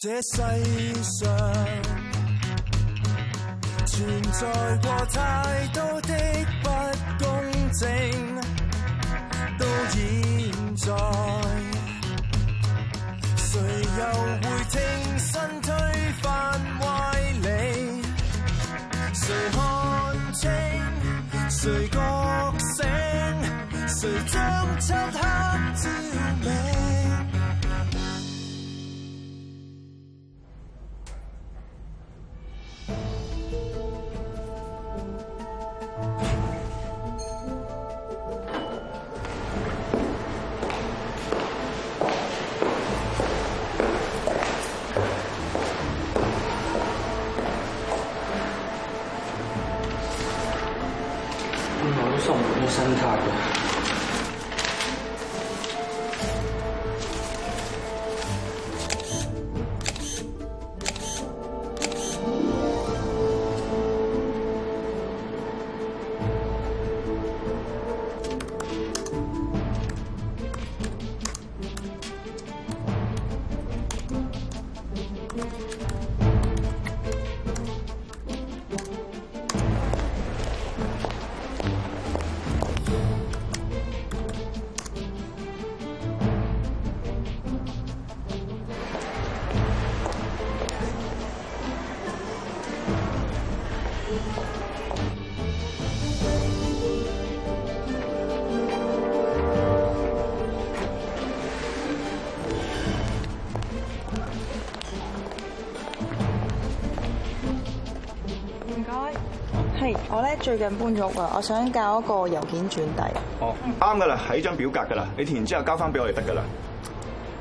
這世上存在過太多的不公正，到現在，誰又會挺身推翻歪理？誰看清？誰覺醒？誰將漆黑之。我咧最近搬咗屋啊，我想搞一個郵件轉遞。哦，啱噶啦，喺張表格噶啦，你填完之後交翻俾我哋得噶啦。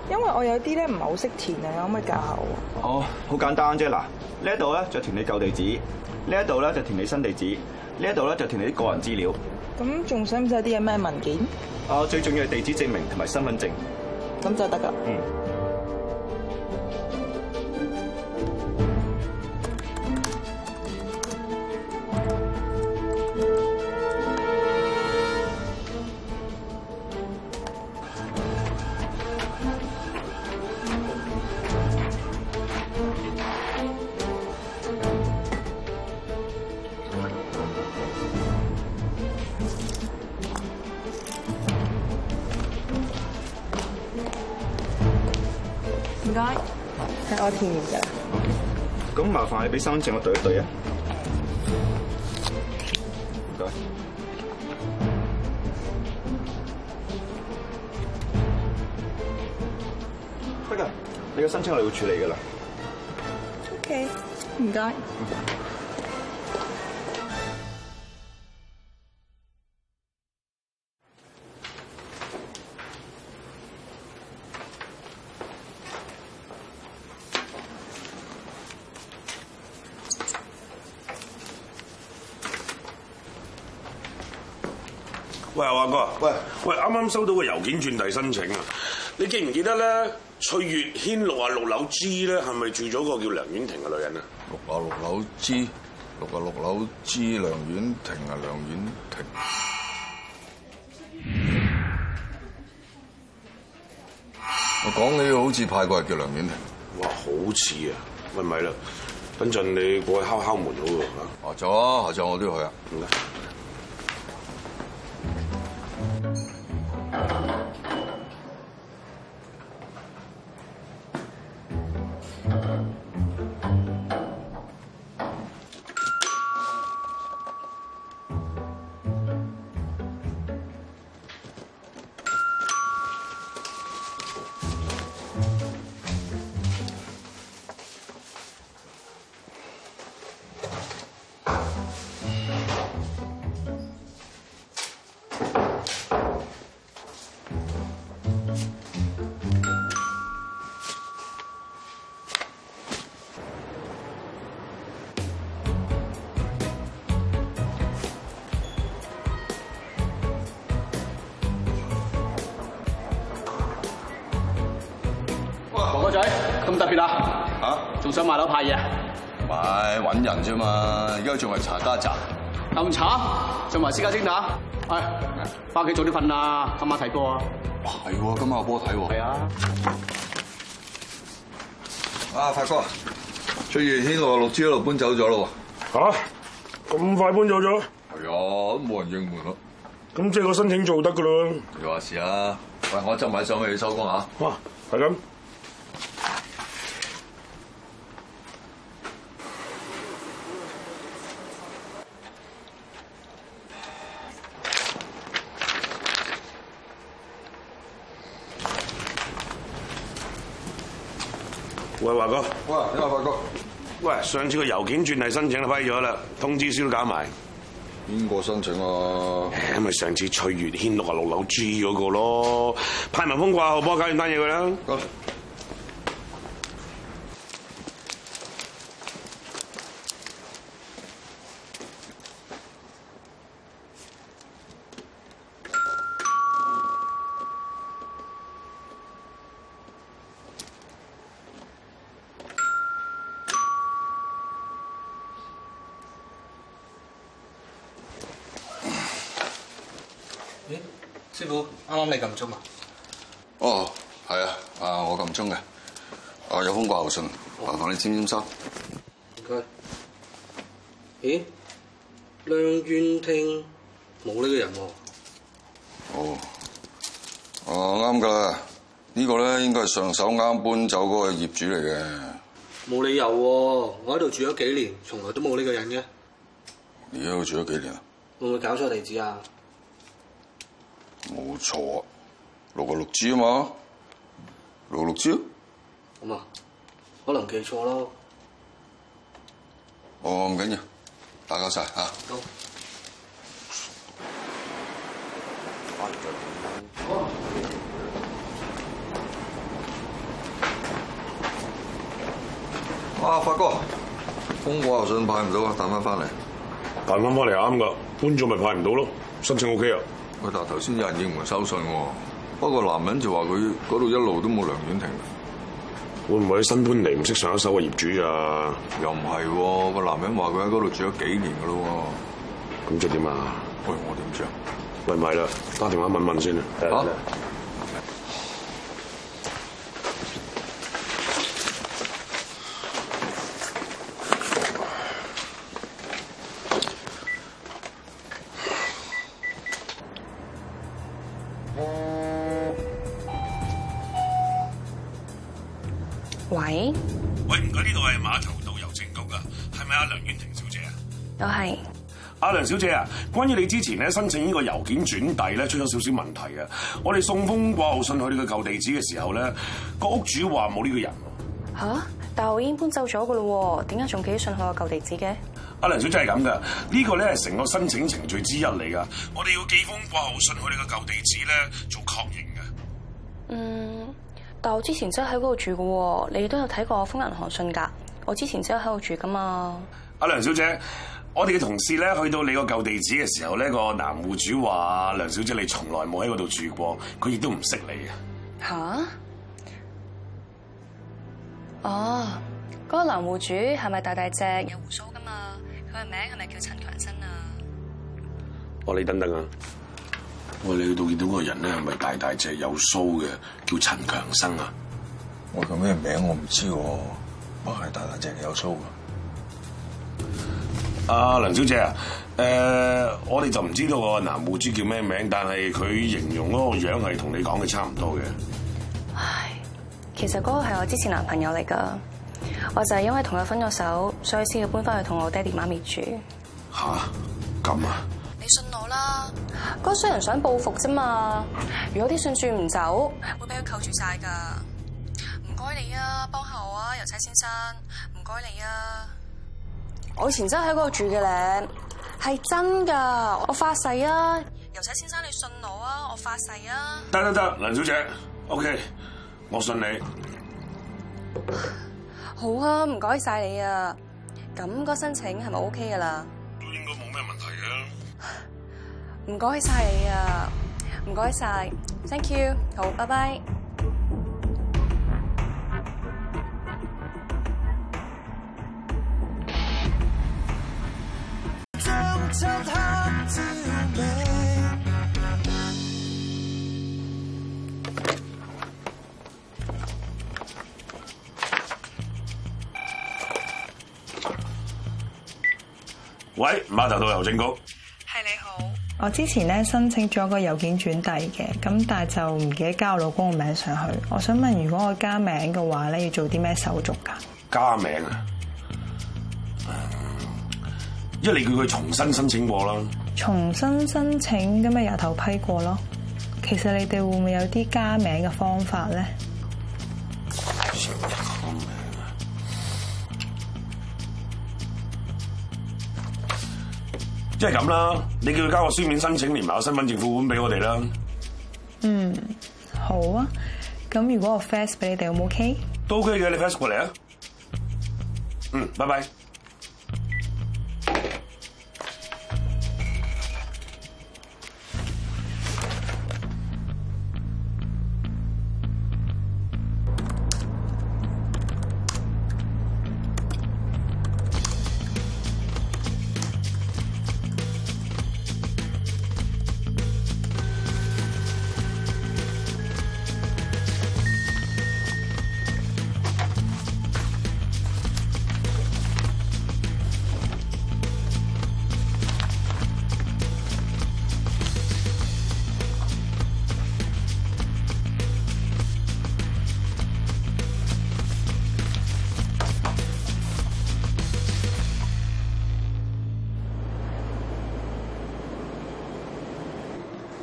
因為我有啲咧唔係好識填啊，你可唔可以教下我？哦，好簡單啫嗱，呢一度咧就填你舊地址，呢一度咧就填你新地址，呢一度咧就填你個人資料。嗯，咁仲使唔使有啲嘢咩文件？啊，最重要係地址證明同埋身份證。咁就得噶。係我填完嘅，咁麻煩你俾身份證我對一對啊。唔該。得，得嘅，你嘅申請我哋會處理嘅啦。OK，唔該。謝謝。啱啱收到個郵件轉遞申請啊！你記唔記得咧？翠月軒六啊六樓 G 咧，係咪住咗個叫梁婉婷嘅女人啊？六啊六樓 G，六啊六樓 G，梁婉婷啊，梁婉婷。我講起好似派過人叫梁婉婷。哇，好似啊，咪咪啦，等陣你過去敲敲門好喎嚇。下晝啊，下晝我都要去啊。特別啦嚇，仲想買樓派嘢？唔係揾人啫嘛，而家仲係查家宅，暗茶？仲埋私家偵探？係翻屋企早啲瞓啦，今晚睇波啊！哇，係喎，今晚有波睇喎。係啊的！阿發哥，翠月軒嗰六居一路搬走咗咯喎嚇！咁、啊、快搬走咗？係啊，都冇人應門咯。咁即係個申請做得噶咯。你話事啊！喂，我執埋相，我要收工嚇。哇，係咁。喂，華哥，喂，你話華哥，喂，上次個郵件轉遞申請都批咗啦，通知書都搞埋。邊個申請啊？咪、哎、上次翠月軒六啊六樓 G 嗰個咯，派文峰掛號，幫我搞完單嘢佢啦。你咁鐘啊？哦，係啊，啊，我咁鐘嘅。啊，有封掛號信，麻煩你簽簽收。唔該。咦？梁園廳冇呢個人喎。哦，哦，啱噶啦。呢個咧應該係上手啱搬走嗰個業主嚟嘅。冇理由喎、啊，我喺度住咗幾年，從來都冇呢個人嘅、啊。你喺度住咗幾年啊？會唔會搞錯地址啊？冇錯，六個六支啊嘛，六六支啊，咁啊，可能記錯啦。哦，唔緊要，打攪晒吓。好吧。阿發哥，搬過又信派唔到啊，等翻翻嚟。彈翻翻嚟啱噶，搬咗咪派唔到咯，申請 O K 啊。喂，但係頭先有人應門收信喎，不過男人就話佢嗰度一路都冇梁婉婷，會唔會新搬嚟唔識上一手嘅業主啊？又唔係喎，個男人話佢喺嗰度住咗幾年嘅咯，咁即係點啊？喂，我點知啊？喂，唔係啦，打電話問問先啦。好、啊。啊喂，喂，唔該，呢度係碼頭道郵政局啊，係咪阿梁婉婷小姐啊？都係是。阿梁小姐啊，關於你之前咧申請呢個郵件轉遞咧，出咗少少問題啊。我哋送封掛號信去你個舊地址嘅時候咧，個屋主話冇呢個人。吓、啊，但我已經搬走咗噶咯，點解仲寄信去個舊地址嘅？阿、嗯、梁小姐係咁噶，呢個咧係成個申請程序之一嚟噶，我哋要寄封掛號信去你個舊地址咧做確認嘅。嗯。但我之前真喺嗰度住嘅，你都有睇過封銀行信噶。我之前真喺度住噶嘛。阿梁小姐，我哋嘅同事咧去到你個舊地址嘅時候咧，個男戶主話，梁小姐你從來冇喺嗰度住過，佢亦都唔識你啊，啊。吓、啊？哦，嗰個男戶主係咪大大隻、有鬍鬚噶嘛？佢嘅名係咪叫陳強生啊？哦，你等等啊。喂，你去到見到嗰個人咧，係咪大大隻、有鬚嘅？叫陳強生啊？我叫咩名我唔知喎，不過係大大隻、有鬚嘅。阿梁小姐啊，誒、呃，我哋就唔知道個男戶主叫咩名，但係佢形容嗰個樣係同你講嘅差唔多嘅。唉，其實嗰個係我之前男朋友嚟噶，我就係因為同佢分咗手，所以先要搬翻去同我爹哋媽咪住。吓咁啊！嗰衰人想報復啫嘛！如果啲信算唔走，會俾佢扣住晒噶。唔該你啊，幫下我啊，郵差先生。唔該你啊，我以前真係喺嗰度住嘅咧，係真噶，我發誓啊！郵差先生，你信我啊，我發誓啊！得得得，林小姐，OK，我信你。好啊，唔該晒你啊。咁個申請係咪 OK 噶啦？都應該冇咩問題啊！唔該曬你啊！唔該曬，Thank you，好，拜拜。喂，碼頭到郵政局。我之前咧申請咗個郵件轉遞嘅，咁但係就唔記得加老公嘅名上去。我想問，如果我加名嘅話咧，要做啲咩手續噶？加名啊，一你叫佢重新申請過咯。重新申請咁咪由頭批過咯。其實你哋會唔會有啲加名嘅方法咧？即係咁啦，你叫佢交個書面申請，連埋個身份證副本俾我哋啦。嗯，好啊。咁如果我 fax 俾你哋，好唔好？OK 都 OK 嘅，你 fax 過嚟啊。嗯，拜拜。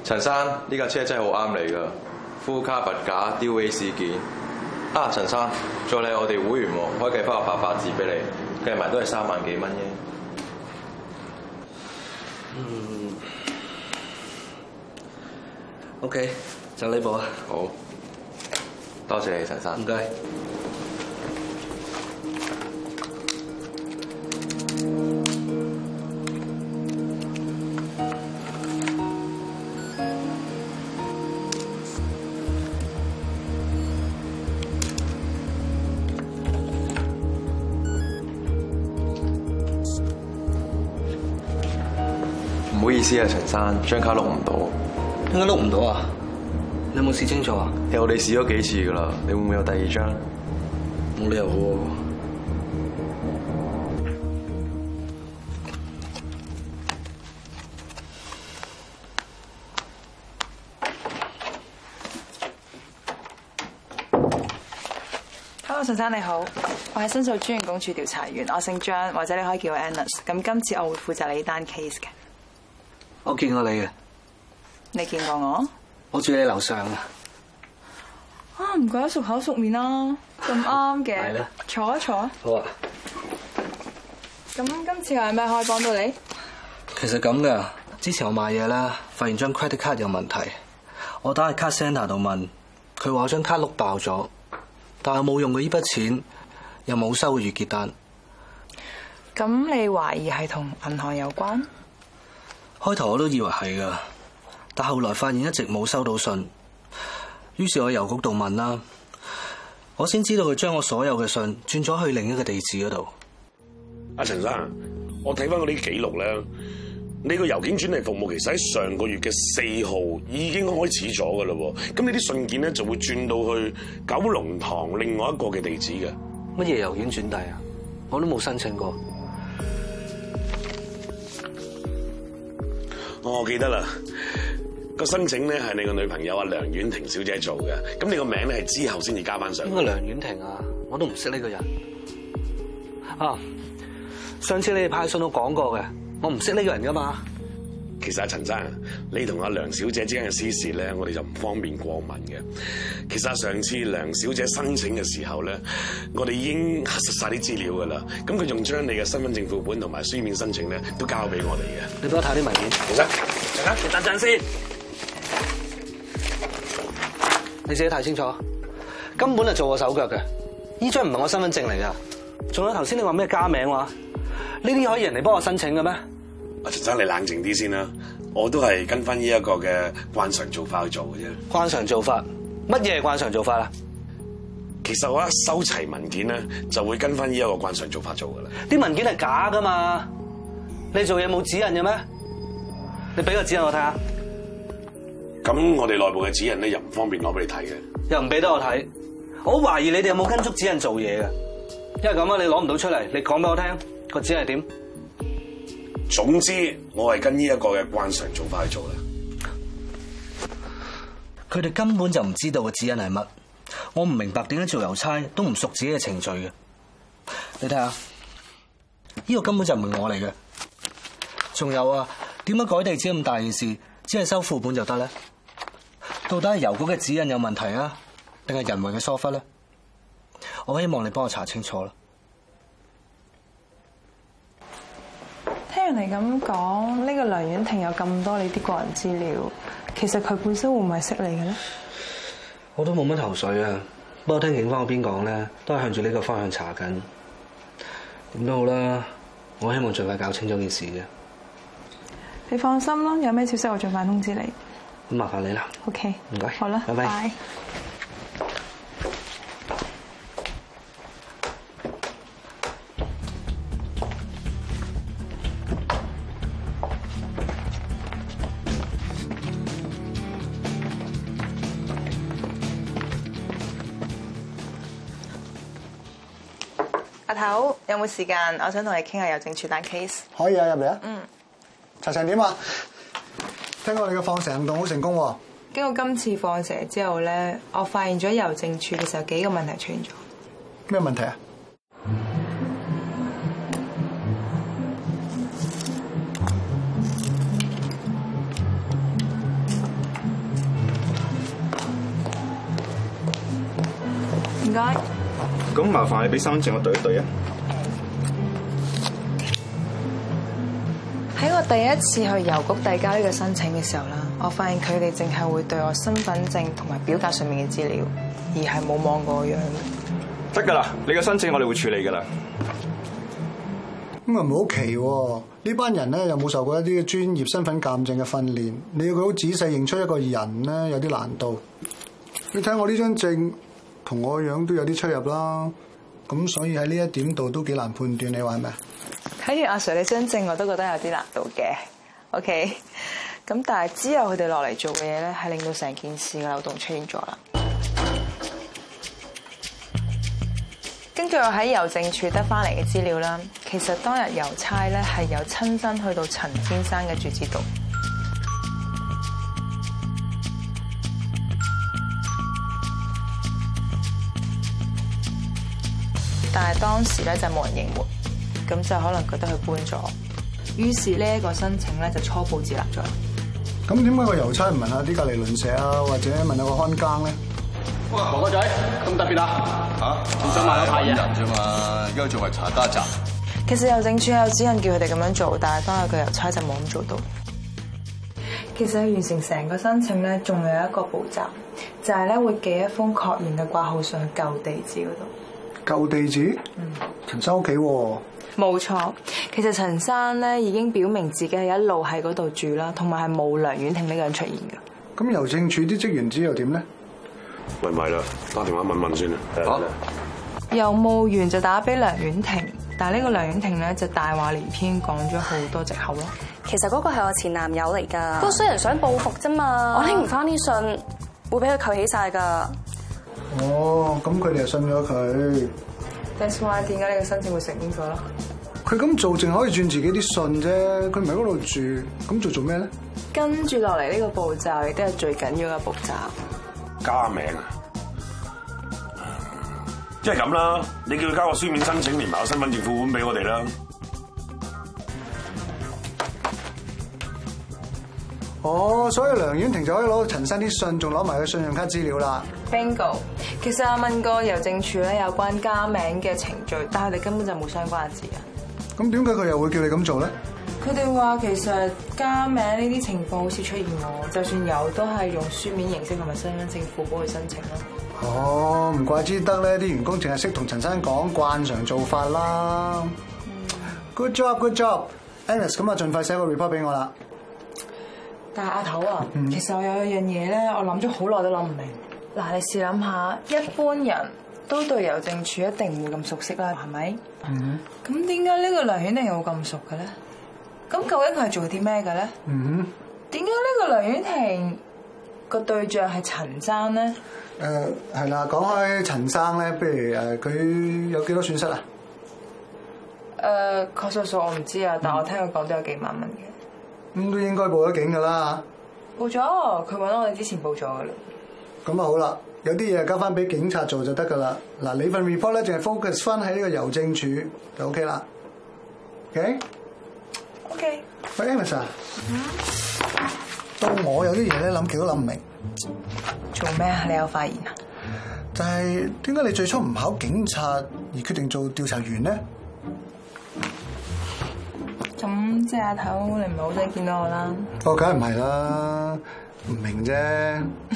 陳生，呢架車真係好啱你㗎，呼卡拔架，丟 A 事件。啊對，陳對生，再嚟我哋會員喎，我計翻個八八折俾你，計埋都係三萬幾蚊啫。嗯，OK，就呢部啊。好，多謝你，陳生。唔該。唔 好意思啊，陳生，張卡碌唔到。點解碌唔到啊？你有冇試清楚啊？又 我哋試咗幾次噶啦，你會唔會有第二張？冇理由喎。Hello，陳生你好，我係申訴專員公署調查員，我姓張，或者你可以叫我 Agnes。咁今次我會負責你呢單 case 嘅。我見過你嘅，你見過我？我住喺你樓上啊！啊，唔怪得熟口熟面啦，咁啱嘅。係咧，坐一坐。好啊。咁今次係咩可以幫到你？其實咁噶，之前我買嘢啦，發現張 credit card 有問題，我打去 card center 度問，佢話我張卡碌爆咗，但係冇用過呢筆錢，又冇收月結單。咁你懷疑係同銀行有關？開頭我都以為係噶，但後來發現一直冇收到信，於是我郵局度問啦，我先知道佢將我所有嘅信轉咗去另一個地址嗰度。阿陳生，我睇翻嗰啲記錄咧，你個郵件轉遞服務其實喺上個月嘅四號已經開始咗噶啦，咁你啲信件咧就會轉到去九龍塘另外一個嘅地址嘅。乜嘢郵件轉遞啊？我都冇申請過。我記得啦，個申請咧係你個女朋友阿梁婉婷小姐做嘅，咁你個名咧係之後先至加翻上。邊個梁婉婷啊？我都唔識呢個人。啊，上次你哋派信都講過嘅，我唔識呢個人噶嘛。其實啊，陳生，你同阿梁小姐之間嘅私事咧，我哋就唔方便過問嘅。其實上次梁小姐申請嘅時候咧，我哋已經核實晒啲資料噶啦。咁佢仲將你嘅身份證副本同埋書面申請咧，都交俾我哋嘅。你幫我睇啲文件，好，陳生。陳生，你等陣先。你自己睇清楚，根本係做過手腳嘅。呢張唔係我身份證嚟噶，仲有頭先你話咩加名話？呢啲可以人哋幫我申請嘅咩？阿陳生，你冷靜啲先啦。我都係跟翻呢一個嘅慣常做法去做嘅啫。慣常做法，乜嘢係慣常做法啊？其實我一收齊文件咧，就會跟翻呢一個慣常做法做噶啦。啲文件係假噶嘛？你做嘢冇指引嘅咩？你俾個指引我睇下。咁我哋內部嘅指引咧，又唔方便攞俾你睇嘅。又唔俾得我睇？我好懷疑你哋有冇跟足指引做嘢嘅？因為咁樣，你攞唔到出嚟，你講俾我聽個指引係點？總之，我係跟呢一個嘅慣常做法去做啦。佢哋根本就唔知道個指引係乜，我唔明白點解做郵差都唔熟自己嘅程序嘅。你睇下，呢個根本就唔係我嚟嘅。仲有啊，點解改地址咁大件事，只係收副本就得咧？到底係郵局嘅指引有問題啊，定係人為嘅疏忽咧？我希望你幫我查清楚啦。你咁講，呢個梁婉婷有咁多你啲個人資料，其實佢本身會唔係識你嘅咧？我都冇乜頭緒啊，不過聽警方嗰邊講咧，都係向住呢個方向查緊。點都好啦，我希望儘快搞清楚件事嘅。你放心啦，有咩消息我儘快通知你。咁麻煩你啦。OK，唔該。謝謝，好啦，拜拜。有冇時間？我想同你傾下郵政署單 case。可以啊，入嚟啊。嗯。查成點啊？聽講你嘅放蛇行動好成功喎。經過今次放蛇之後咧，我發現咗郵政署嘅時候幾個問題出現咗。咩問題啊？唔該謝。咁麻煩你俾三蚊我對一對啊。喺我第一次去郵局遞交呢個申請嘅時候啦，我發現佢哋淨係會對我身份證同埋表格上面嘅資料，而係冇望過我樣。得噶啦，你嘅申請我哋會處理噶啦。咁啊、唔好奇呢班人咧，又冇受過一啲專業身份鑑證嘅訓練，你要佢好仔細認出一個人咧，有啲難度。你睇我呢張證同我樣都有啲出入啦，咁所以喺呢一點度都幾難判斷，你話係咪啊？睇住阿 Sir 你真正我都覺得有啲難度嘅，OK？咁但係之後佢哋落嚟做嘅嘢咧，係令到成件事嘅漏洞出現咗啦。根據我喺郵政署得翻嚟嘅資料啦，其實當日郵差咧係有親身去到陳先生嘅住址度，但係當時咧就冇人應門。咁就可能覺得佢搬咗，於是呢一個申請咧就初步截立咗。咁點解個郵差唔問下啲隔離鄰舍啊，或者問下個看更咧？哇、啊！哥哥仔咁特別啊！嚇、啊，陳生買咗太陽人啫嘛，而家仲係查家宅。其實郵政處有指引叫佢哋咁樣做，但係當日個郵差就冇咁做到。其實完成成個申請咧，仲有一個步驟，就係、是、咧會寄一封確認嘅掛號上去舊地址嗰度。舊地址？地址，嗯，陳生屋企喎。冇錯，其實陳生咧已經表明自己係一路喺嗰度住啦，同埋係冇梁婉婷呢個人出現嘅。咁郵政處啲職員之後點咧？喂咪啦，打電話問問先啦。嚇、啊！郵務員就打俾梁婉婷，但係呢個梁婉婷咧就大話連篇講咗好多藉口咯。其實嗰個係我前男友嚟㗎，個衰人想報復啫嘛。我拎唔翻啲信，會俾佢扣起晒㗎。哦，咁佢哋又信咗佢。That's why 點解呢個申請會成功咗咯？佢咁做淨可以轉自己啲信啫，佢唔喺嗰度住，咁做做咩咧？跟住落嚟呢個步驟亦都係最緊要嘅步驟。步驟加名啊！即係咁啦，你叫佢交個書面申請，連埋個身份證副本俾我哋啦。哦，所以梁婉婷就可以攞到陳生啲信，仲攞埋個信用卡資料啦。Bingo，其實阿敏哥郵政處咧有關加名嘅程序，但係你根本就冇相關字嘅，咁點解佢又會叫你咁做咧？佢哋話其實加名呢啲情況好似出現過，就算有都係用書面形式同埋身份證副本去申請咯。哦，唔怪之得咧，啲員工淨係識同陳生講慣常做法啦。Good job，good job，Agnes。i c 咁啊，盡快寫個 report 俾我啦。但係阿頭啊，其實我有一樣嘢咧，我諗咗好耐都諗唔明。嗱，你試諗下，一般人都對郵政署一定唔會咁熟悉啦，係咪？嗯哼。咁點解呢個梁婉婷會咁熟嘅咧？咁究竟佢係做啲咩嘅咧？嗯哼。點解呢個梁婉婷個對象係陳生咧？誒、呃，係啦，講開陳生咧，不如誒，佢有幾多損失啊？誒，確實數，我唔知啊，但我聽佢講都有幾萬蚊嘅。咁都、嗯、應該報咗警噶啦。報咗，佢揾我哋之前報咗噶啦。咁啊，就好啦，有啲嘢交翻俾警察做就得噶啦。嗱，你份 report 咧，淨係 focus 翻喺呢個郵政處就 OK 啦。OK？OK。喂，Emma。嗯。到我有啲嘢咧，諗極都諗唔明。做咩啊？你有發現啊？就係點解你最初唔考警察，而決定做調查員咧？咁，即係阿頭，你唔係好想見到我啦？哦，梗係唔係啦？唔明啫。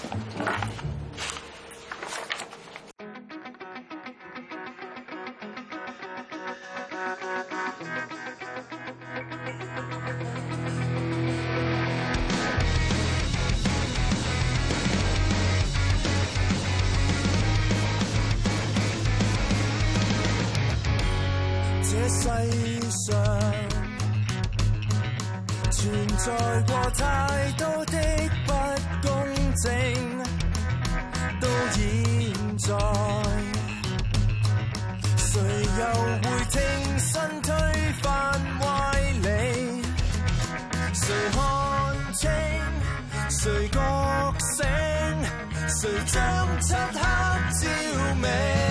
存在過太多的不公正，到現在，誰又會挺身推翻歪理？誰看清？誰覺醒？誰將漆黑照明？